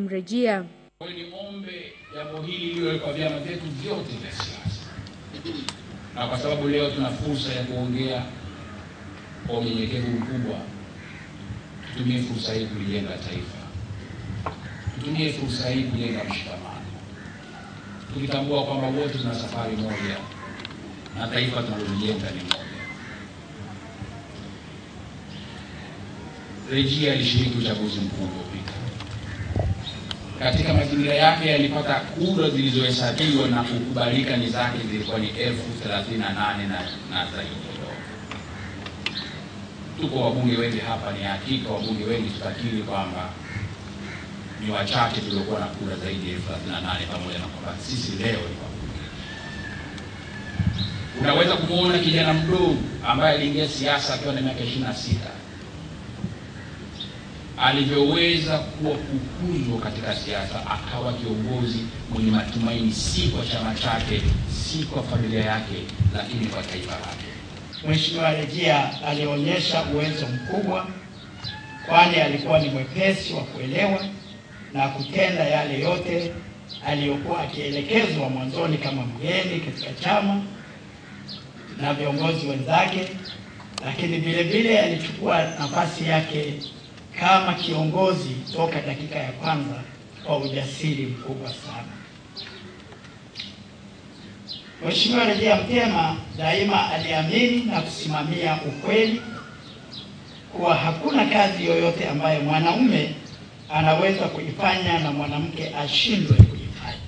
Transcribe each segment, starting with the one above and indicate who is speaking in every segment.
Speaker 1: kumrejea.
Speaker 2: Kwa hiyo niombe jambo hili liwe kwa vyama vyetu vyote vya siasa, na kwa sababu leo tuna fursa ya kuongea kwa unyenyekevu mkubwa, tutumie fursa hii kulijenga taifa, tutumie fursa hii kujenga mshikamano, tukitambua kwamba wote tuna safari moja na taifa tunalojenga ni moja. Rejia alishiriki uchaguzi mkuu uliopita katika mazingira yake yalipata kura zilizohesabiwa na kukubalika ni zake zilikuwa ni elfu thelathini na nane na zaidi Tuko wabunge wengi hapa, ni hakika wabunge wengi tutakiri kwamba ni wachache tuliokuwa na kura zaidi ya elfu thelathini na nane pamoja na kwamba sisi leo ni wabunge. Unaweza kumwona kijana mdogo ambaye aliingia siasa akiwa na miaka ishirini na sita alivyoweza kuwa kukuzwa katika siasa, akawa kiongozi mwenye matumaini, si kwa chama chake, si kwa familia yake, lakini kwa taifa lake.
Speaker 3: Mheshimiwa rejia alionyesha uwezo mkubwa, kwani alikuwa ni mwepesi wa kuelewa na kutenda yale yote aliyokuwa akielekezwa mwanzoni kama mgeni katika chama na viongozi wenzake, lakini vile vile alichukua nafasi yake kama kiongozi toka dakika ya kwanza kwa ujasiri mkubwa sana. Mheshimiwa Rejea Mtema daima aliamini na kusimamia ukweli kuwa hakuna kazi yoyote ambayo mwanaume anaweza kuifanya na mwanamke ashindwe kuifanya.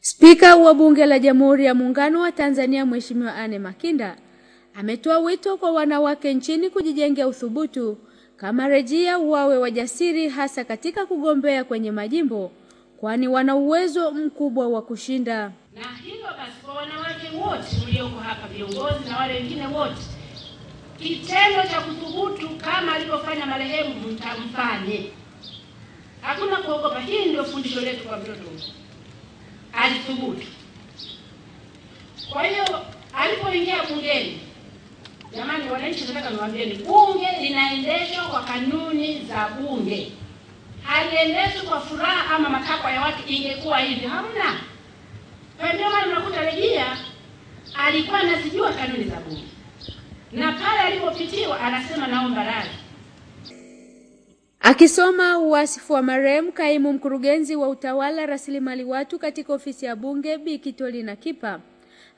Speaker 1: Spika wa Bunge la Jamhuri ya Muungano wa Tanzania Mheshimiwa Anne Makinda Ametoa wito kwa wanawake nchini kujijengea uthubutu kama rejea, wawe wajasiri hasa katika kugombea kwenye majimbo, kwani wana uwezo mkubwa wa kushinda.
Speaker 4: Na hilo basi, kwa wanawake wote mlioko hapa, viongozi na wale wengine wote, kitendo cha kuthubutu kama alivyofanya marehemu mtamfanye. Hakuna kuogopa. hii ndio fundisho letu kwa mtoto alithubutu. Kwa hiyo alipoingia bungeni Jamani wananchi, nataka niwaambieni, bunge linaendeshwa kwa kanuni za bunge, haliendeshwi kwa furaha ama matakwa ya watu. Ingekuwa hivi hamna. Kwa hiyo maana unakuta Legia alikuwa anazijua kanuni za bunge, na pale alipopitiwa anasema naomba radhi.
Speaker 1: Akisoma uwasifu wa marehemu kaimu mkurugenzi wa utawala rasilimali watu katika ofisi ya bunge Bikitoli na Kipa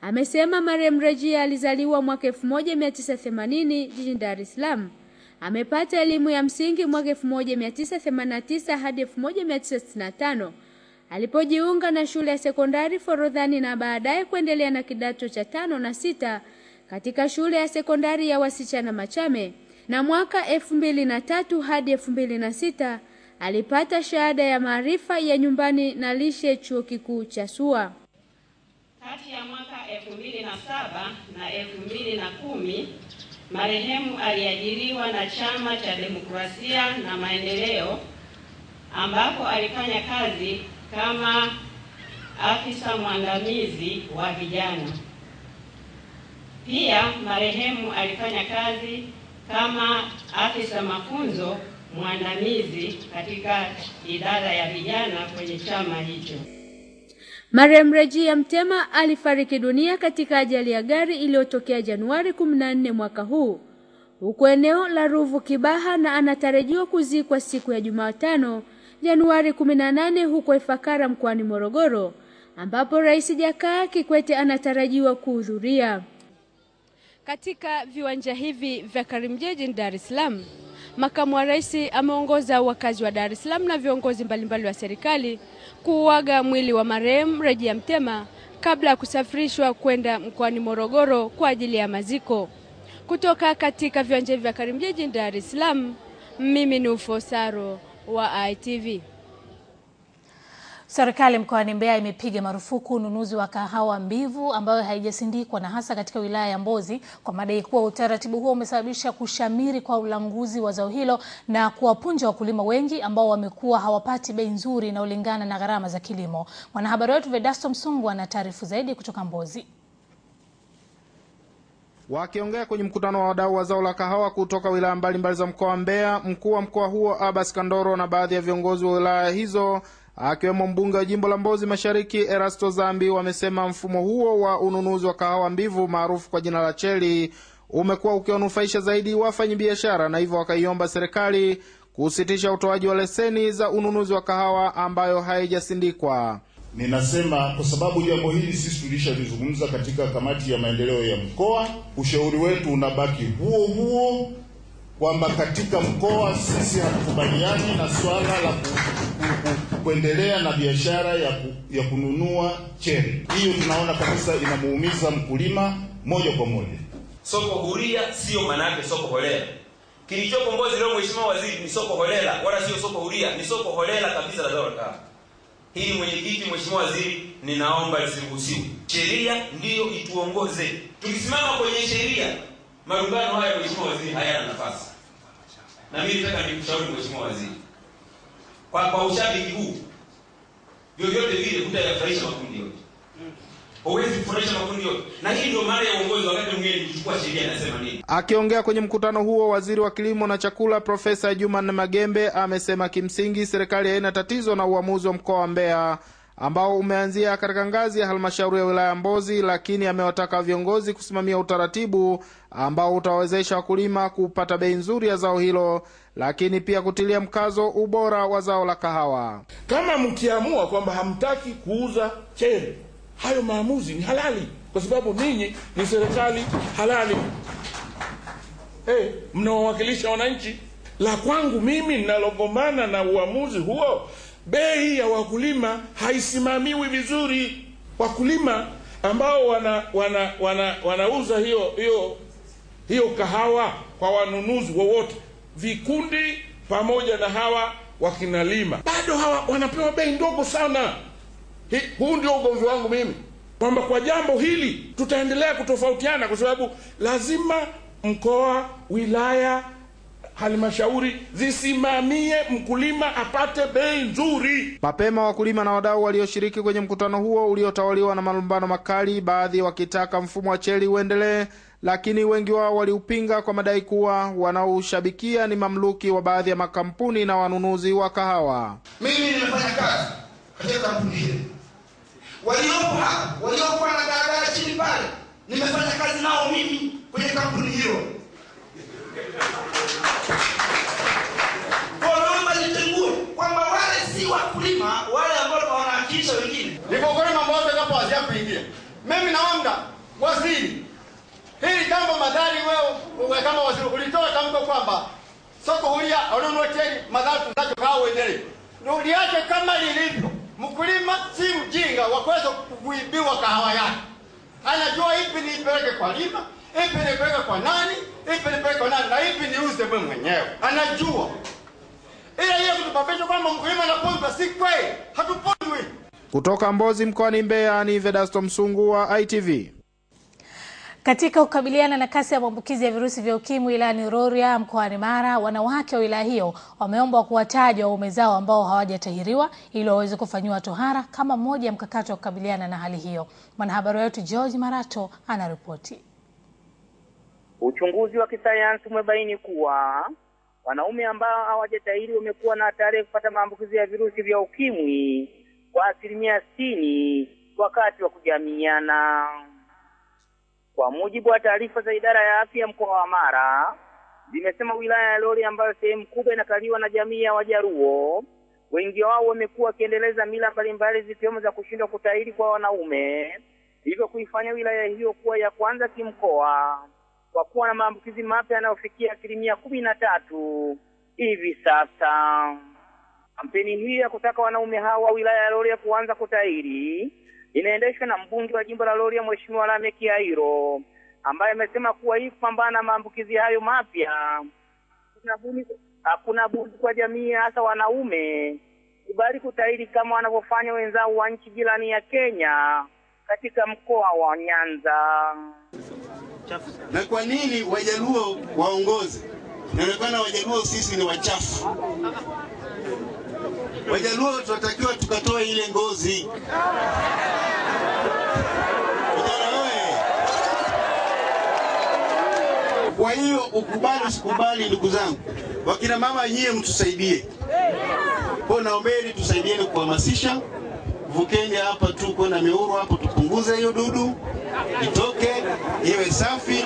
Speaker 1: Amesema mariam Rejea alizaliwa mwaka 1980 jijini Dar es Salaam. Amepata elimu ya msingi mwaka 1989 hadi 1995 alipojiunga na shule ya sekondari Forodhani na baadaye kuendelea na kidato cha tano na sita katika shule ya sekondari ya wasichana Machame na mwaka elfu mbili na tatu hadi elfu mbili na sita alipata shahada ya maarifa ya nyumbani na lishe chuo kikuu cha SUA.
Speaker 5: Kati ya mwaka 2007 na 2010 marehemu aliajiriwa na Chama cha Demokrasia na Maendeleo ambapo alifanya kazi kama afisa mwandamizi wa vijana. Pia marehemu alifanya kazi kama afisa mafunzo mwandamizi katika idara ya vijana kwenye chama hicho.
Speaker 1: Marehemu ya Mtema alifariki dunia katika ajali ya gari iliyotokea Januari 14 mwaka huu huko eneo la Ruvu Kibaha na anatarajiwa kuzikwa siku ya Jumatano Januari 18 huko Ifakara mkoani Morogoro ambapo Rais Jakaya Kikwete anatarajiwa kuhudhuria. Katika viwanja hivi vya Karimjee jijini Dar es Salaam, Makamu wa Rais ameongoza wakazi wa Dar es Salaam na viongozi mbalimbali wa serikali kuuaga mwili wa marehemu rejia Mtema kabla ya kusafirishwa kwenda mkoani Morogoro kwa ajili ya maziko. Kutoka katika viwanja vya Karimjee jijini Dar es Salaam, mimi ni Ufosaro wa ITV. Serikali mkoani Mbeya imepiga marufuku ununuzi wa kahawa mbivu ambayo haijasindikwa na hasa katika wilaya ya Mbozi kwa madai kuwa utaratibu huo umesababisha kushamiri kwa ulanguzi wa zao hilo na kuwapunja wakulima wengi ambao wamekuwa hawapati bei nzuri inayolingana na gharama za kilimo. Mwanahabari wetu Vedasto Msungu ana taarifu zaidi kutoka Mbozi.
Speaker 6: Wakiongea kwenye mkutano wa wadau wa zao la kahawa kutoka wilaya mbalimbali za mkoa wa Mbeya, mkuu wa mkoa huo Abbas Kandoro na baadhi ya viongozi wa wilaya hizo akiwemo mbunge wa jimbo la Mbozi Mashariki Erasto Zambi wamesema mfumo huo wa ununuzi wa kahawa mbivu maarufu kwa jina la cheli umekuwa ukiwanufaisha zaidi wafanyabiashara na hivyo wakaiomba serikali kusitisha utoaji wa leseni za ununuzi wa kahawa ambayo haijasindikwa.
Speaker 7: Ninasema kwa sababu jambo hili sisi tulishalizungumza katika kamati ya maendeleo ya mkoa. Ushauri wetu unabaki huo huo kwamba katika mkoa sisi hatukubaliani na swala la kuendelea na biashara ya, ku, ya kununua cheni. Hiyo tunaona kabisa inamuumiza mkulima moja kwa moja.
Speaker 8: Soko huria sio manake soko holela. Kilichoko Mbozi leo, Mheshimiwa Waziri, ni soko holela, wala sio soko huria, ni soko holela kabisa la zao la kahawa. Hili mwenyekiti, Mheshimiwa Waziri, ninaomba lisiruhusiwe. Sheria ndiyo ituongoze. Tukisimama kwenye sheria malumbano haya mheshimiwa waziri hayana nafasi na mimi nataka nikushauri mheshimiwa waziri kwa kwa ushabiki huu vyovyote vile hutayafurahisha makundi yote huwezi kufurahisha makundi yote na hii ndio maana ya uongozi wakati mwingine nikichukua sheria nasema nini
Speaker 6: akiongea kwenye mkutano huo waziri wa kilimo na chakula profesa juman magembe amesema kimsingi serikali haina tatizo na uamuzi wa mkoa wa mbeya ambao umeanzia katika ngazi ya halmashauri ya wilaya Mbozi, lakini amewataka viongozi kusimamia utaratibu ambao utawawezesha wakulima kupata bei nzuri ya zao hilo, lakini pia kutilia mkazo ubora wa zao la kahawa.
Speaker 9: Kama mkiamua kwamba hamtaki kuuza chere, hayo maamuzi ni halali, kwa sababu ninyi ni serikali halali. Hey, eh, mnawawakilisha wananchi. La kwangu mimi ninalogombana na uamuzi huo bei ya wakulima haisimamiwi vizuri. Wakulima ambao wana, wana, wana, wanauza hiyo hiyo hiyo kahawa kwa wanunuzi wowote, vikundi pamoja na hawa wakinalima, bado hawa wanapewa bei ndogo sana. Hi, huu ndio ugomvi wangu mimi kwamba kwa jambo hili tutaendelea kutofautiana, kwa sababu lazima mkoa, wilaya halmashauri zisimamie mkulima apate bei nzuri
Speaker 6: mapema. Wakulima na wadau walioshiriki kwenye mkutano huo uliotawaliwa na malumbano makali, baadhi wakitaka mfumo wa cheli uendelee, lakini wengi wao waliupinga kwa madai kuwa wanaoushabikia ni mamluki wa baadhi ya makampuni na wanunuzi wa kahawa.
Speaker 9: Mimi nimefanya kazi katika kampuni hili, waliopo hapa, waliokuwa na daladala chini pale, nimefanya kazi nao mimi kwenye kampuni hiyo Naomba litengue kwamba wale si wakulima, wale ambao wanawakilisha wengine.
Speaker 6: Nikokweli mambo yote kapo hazijakuingia. Mimi naomba waziri, hili jambo madhari, wewe kama waziri ulitoa tamko kwamba soko huria ononoteli madhari tunacho kaa uendelee, uliache kama lilivyo. Mkulima si mjinga wa kuweza kuibiwa kahawa yake, anajua ipi niipeleke kwa lima ipi nipeleke kwa nani, ipi nipeleke kwa nani na ipi niuze mwe mwenyewe, anajua. Ila yeye kutupapishwa kwamba mkulima anapondwa, si kweli, hatupondwi. Kutoka Mbozi mkoani Mbeya ni Vedasto Msungu wa ITV.
Speaker 1: Katika kukabiliana na kasi ya maambukizi ya virusi vya ukimwi wilayani Rorya mkoani Mara, wanawake wa wilaya hiyo wameombwa kuwataja waume zao ambao hawajatahiriwa ili waweze kufanyiwa tohara kama moja ya mkakati wa kukabiliana na hali hiyo. Mwanahabari wetu George Marato anaripoti.
Speaker 10: Uchunguzi wa kisayansi umebaini kuwa wanaume ambao hawajatahiri wamekuwa na hatari ya kupata maambukizi ya virusi vya ukimwi kwa asilimia sitini wakati wa kujamiana. Kwa mujibu wa taarifa za idara ya afya mkoa wa Mara, zimesema wilaya ya Lori ambayo sehemu kubwa inakaliwa na jamii ya Wajaruo, wengi wao wamekuwa wakiendeleza mila mbalimbali zikiwemo za kushindwa kutahiri kwa wanaume, hivyo kuifanya wilaya hiyo kuwa ya kwanza kimkoa kwa kuwa na maambukizi mapya yanayofikia asilimia kumi na tatu hivi sasa. Kampeni hii ya kutaka wanaume hawa wa wilaya ya Rorya kuanza kutahiri inaendeshwa na mbunge wa jimbo la Rorya Mheshimiwa Lame Kiairo ambaye amesema kuwa hii kupambana na maambukizi hayo mapya hakuna budi kwa jamii, hasa wanaume kubali kutahiri kama wanavyofanya wenzao wa nchi jirani ya Kenya katika mkoa wa Nyanza
Speaker 9: na kwa nini Wajaluo waongoze? Inaonekana Wajaluo sisi ni wachafu. Wajaluo tunatakiwa tukatoe ile ngozi Kwa hiyo ukubali usikubali, ndugu zangu, wakina mama nyie mtusaidie. Kwa naombeni tusaidieni kuhamasisha Vukenge hapa tu na Miuru hapo, tupunguze hiyo dudu itoke, iwe safi,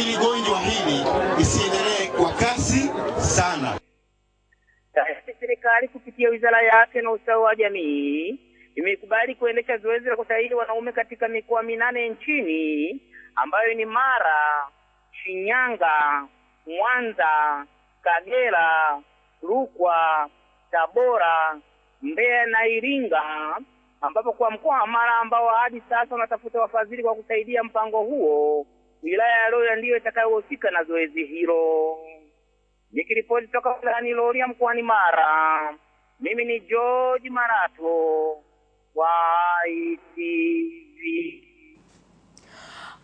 Speaker 9: ili gonjwa hili isiendelee kwa kasi sana.
Speaker 10: Serikali kupitia wizara yake na ustawi wa jamii imekubali kuendesha zoezi la kutahiri wanaume katika mikoa minane nchini ambayo ni Mara, Shinyanga, Mwanza, Kagera, Rukwa, Tabora, Mbeya na Iringa, ambapo kwa mkoa wa Mara ambao hadi sasa wanatafuta wafadhili kwa kusaidia mpango huo. Wilaya ya loria ndiyo itakayohusika na zoezi hilo. Nikiripoti toka wilayani Loria mkoani Mara, mimi ni George Marato. Wai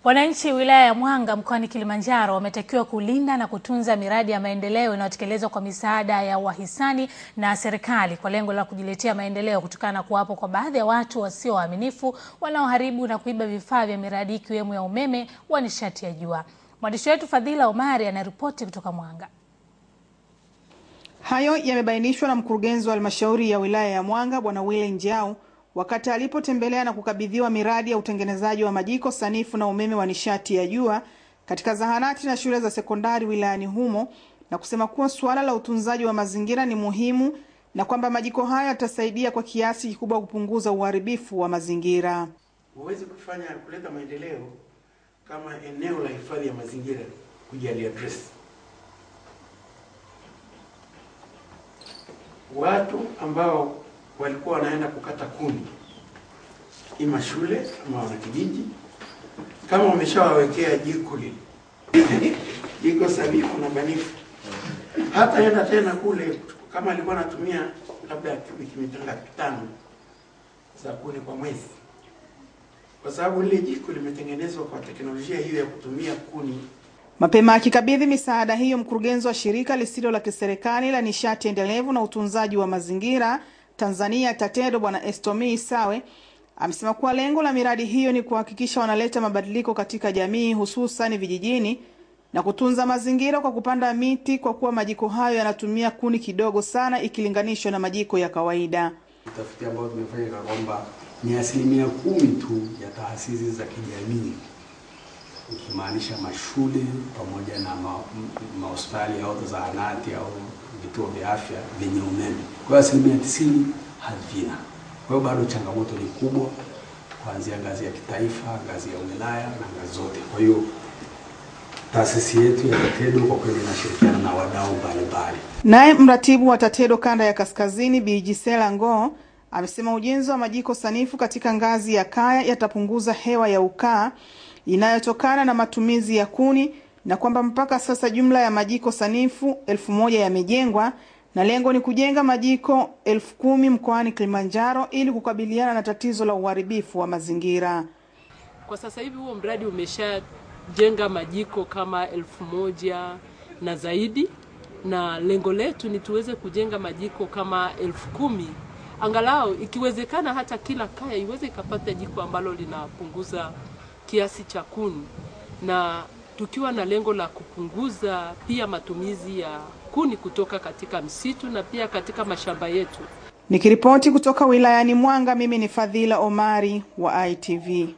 Speaker 1: Wananchi wilaya ya Mwanga mkoani Kilimanjaro wametakiwa kulinda na kutunza miradi ya maendeleo inayotekelezwa kwa misaada ya wahisani na serikali kwa lengo la kujiletea maendeleo kutokana na kuwapo kwa baadhi ya watu wasio waaminifu wanaoharibu na kuiba vifaa vya miradi ikiwemo ya umeme wa nishati ya jua. Mwandishi wetu Fadhila Omari anaripoti kutoka Mwanga.
Speaker 11: Hayo yamebainishwa na mkurugenzi wa halmashauri ya wilaya ya Mwanga Bwana wile Njau wakati alipotembelea na kukabidhiwa miradi ya utengenezaji wa majiko sanifu na umeme wa nishati ya jua katika zahanati na shule za sekondari wilayani humo na kusema kuwa suala la utunzaji wa mazingira ni muhimu na kwamba majiko hayo yatasaidia kwa kiasi kikubwa kupunguza uharibifu wa mazingira.
Speaker 2: Huwezi kufanya kuleta maendeleo kama eneo la hifadhi ya mazingira kujali watu ambao walikuwa wanaenda kukata kuni, ima shule ama wanakijiji, kama wameshawawekea jiko lile jiko sabifu na banifu, hata enda tena kule, kama alikuwa anatumia labda wiki mitatu tano za kuni kwa mwezi, kwa sababu lile jiko limetengenezwa kwa teknolojia hiyo ya kutumia kuni.
Speaker 1: Mapema akikabidhi misaada hiyo, mkurugenzi wa shirika lisilo la kiserikali la nishati endelevu na utunzaji wa mazingira Tanzania tatedo Bwana Estomi Sawe amesema kuwa lengo la miradi hiyo ni kuhakikisha wanaleta mabadiliko katika jamii hususan vijijini na kutunza mazingira kwa kupanda miti kwa kuwa majiko hayo yanatumia kuni kidogo sana ikilinganishwa na majiko ya kawaida.
Speaker 2: Tafiti ambayo tumefanya kwa kwamba ni asilimia kumi tu ya taasisi za kijamii ikimaanisha mashule pamoja na mahospitali ma au zahanati au vituo vya afya vyenye umeme. Kwa hiyo asilimia tisini havina. Kwa hiyo bado changamoto ni kubwa, kuanzia ngazi ya kitaifa, ngazi ya wilaya na ngazi zote. Kwa hiyo taasisi yetu ya TATEDO kwa kweli inashirikiana na wadau mbalimbali.
Speaker 1: Naye mratibu wa TATEDO kanda ya kaskazini Bi Gisela Ngoo amesema ujenzi wa majiko sanifu katika ngazi ya kaya yatapunguza hewa ya ukaa inayotokana na matumizi ya kuni na kwamba mpaka sasa jumla ya majiko sanifu elfu moja yamejengwa na lengo ni kujenga majiko elfu kumi mkoani Kilimanjaro ili kukabiliana na tatizo la uharibifu wa mazingira.
Speaker 12: Kwa sasa hivi huo mradi umeshajenga majiko kama elfu moja na zaidi, na lengo letu ni tuweze kujenga majiko kama elfu kumi angalau ikiwezekana hata kila kaya iweze ikapata jiko ambalo linapunguza kiasi cha kuni, na tukiwa na lengo la kupunguza pia matumizi ya kuni kutoka katika msitu na pia katika mashamba yetu.
Speaker 1: Nikiripoti kutoka wilayani Mwanga, mimi ni Fadhila Omari wa ITV.